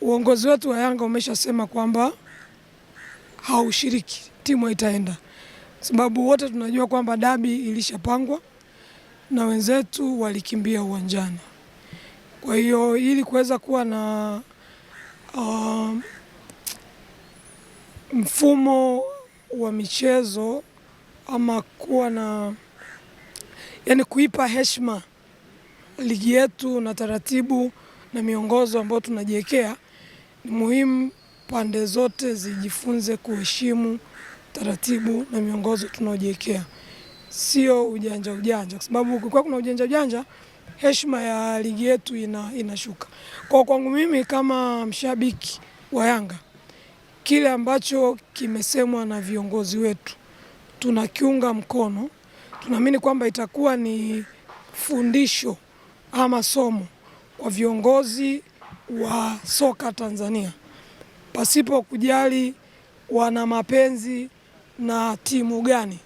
Uongozi wetu wa Yanga umeshasema kwamba haushiriki, timu haitaenda, sababu wote tunajua kwamba dabi ilishapangwa na wenzetu walikimbia uwanjani. Kwa hiyo ili kuweza kuwa na uh, mfumo wa michezo ama kuwa na yani, kuipa heshima ligi yetu na taratibu na miongozo ambayo tunajiwekea ni muhimu pande zote zijifunze kuheshimu taratibu na miongozo tunaojiwekea, sio ujanja ujanja, kwa sababu ukikuwa kuna ujanja ujanja heshima ya ligi yetu ina, inashuka. Kwa kwangu mimi kama mshabiki wa Yanga, kile ambacho kimesemwa na viongozi wetu tunakiunga mkono. Tunaamini kwamba itakuwa ni fundisho ama somo kwa viongozi wa soka Tanzania pasipo kujali wana mapenzi na timu gani,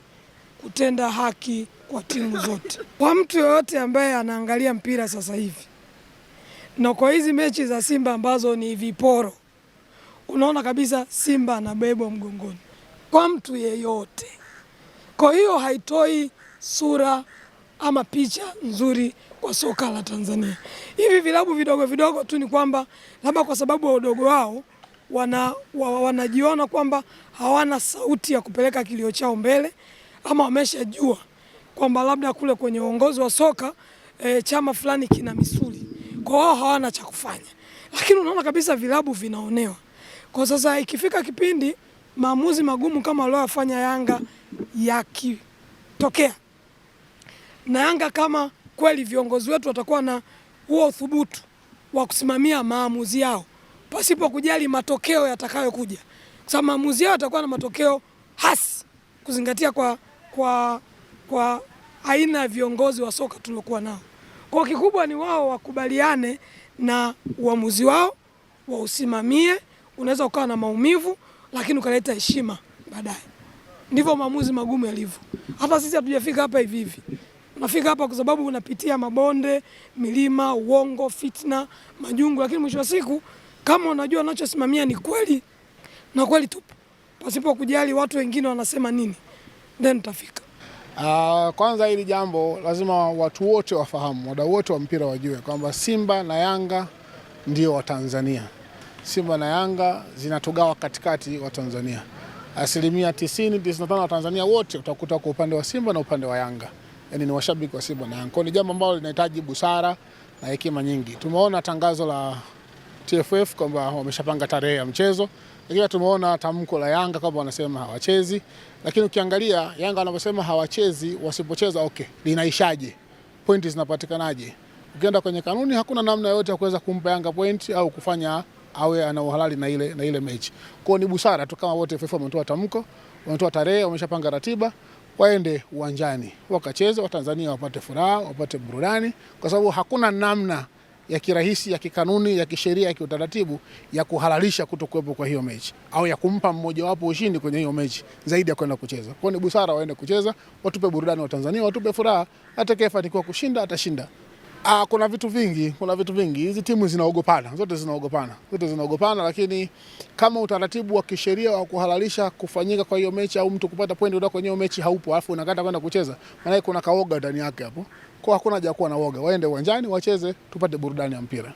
kutenda haki kwa timu zote. Kwa mtu yoyote ambaye anaangalia mpira sasa hivi na kwa hizi mechi za Simba ambazo ni viporo, unaona kabisa Simba anabebwa mgongoni kwa mtu yeyote. Kwa hiyo haitoi sura ama picha nzuri kwa soka la Tanzania. Hivi vilabu vidogo vidogo tu ni kwamba labda kwa sababu wa udogo wao wana, wanajiona kwamba hawana sauti ya kupeleka kilio chao mbele ama wameshajua kwamba labda kule kwenye uongozi wa soka e, chama fulani kina misuli, kwa wao hawana cha kufanya, lakini unaona kabisa vilabu vinaonewa kwa sasa. Ikifika kipindi maamuzi magumu kama walioyafanya Yanga yakitokea na Yanga kama kweli viongozi wetu watakuwa na huo uthubutu wa kusimamia maamuzi yao pasipo kujali matokeo yatakayokuja, kwa sababu maamuzi yao yatakuwa na matokeo hasi kuzingatia kwa, kwa, kwa aina ya viongozi wa soka tuliokuwa nao. Kwa kikubwa ni wao wakubaliane na uamuzi wao, wausimamie. Unaweza ukawa na maumivu, lakini ukaleta heshima baadaye. Ndivyo maamuzi magumu yalivyo. Hata sisi hatujafika hapa hivi hivi. Unafika hapa kwa sababu unapitia mabonde, milima, uongo, fitna, majungu, lakini mwisho wa siku kama unajua unachosimamia ni kweli na kweli tupu, pasipo kujali watu wengine wanasema nini, then utafika. Uh, ah, kwanza hili jambo lazima watu wote wafahamu, wadau wote wa mpira wajue kwamba Simba na Yanga ndio Watanzania. Simba na Yanga zinatugawa katikati wa Tanzania asilimia 90 95 wa Tanzania wote utakuta kwa upande wa Simba na upande wa Yanga yani ni washabiki wa Simba na Yanga. ni jambo ambalo linahitaji busara na hekima nyingi. Tumeona tangazo la TFF kwamba wameshapanga tarehe ya mchezo, lakini tumeona tamko la Yanga kwamba wanasema hawachezi, lakini ukiangalia Yanga wanaposema hawachezi, wasipocheza okay, linaishaje? Pointi zinapatikanaje? Ukienda kwenye kanuni hakuna namna yoyote ya kuweza kumpa Yanga pointi au kufanya awe ana uhalali na ile, na ile mechi. Kwa ni busara tu kama wote TFF wametoa tamko, wametoa tarehe, wameshapanga ratiba, waende uwanjani wakacheze, Watanzania wapate furaha, wapate burudani, kwa sababu hakuna namna ya kirahisi ya kikanuni ya kisheria ya kiutaratibu ya kuhalalisha kutokuwepo kwa hiyo mechi au ya kumpa mmojawapo ushindi kwenye hiyo mechi zaidi ya kwenda kucheza. Kwa ni busara waende kucheza, watupe burudani wa Tanzania, watupe furaha. Atakayefanikiwa kushinda atashinda. Ah, kuna vitu vingi, kuna vitu vingi. Hizi timu zinaogopana, zote zinaogopana, zote zinaogopana, lakini kama utaratibu wa kisheria wa kuhalalisha kufanyika kwa hiyo mechi au mtu kupata pointi kutoka kwenye hiyo mechi haupo, alafu unakata kwenda kucheza, maana kuna kaoga ndani yake hapo. Kwa hakuna haja kuwa na woga, waende uwanjani wacheze, tupate burudani ya mpira.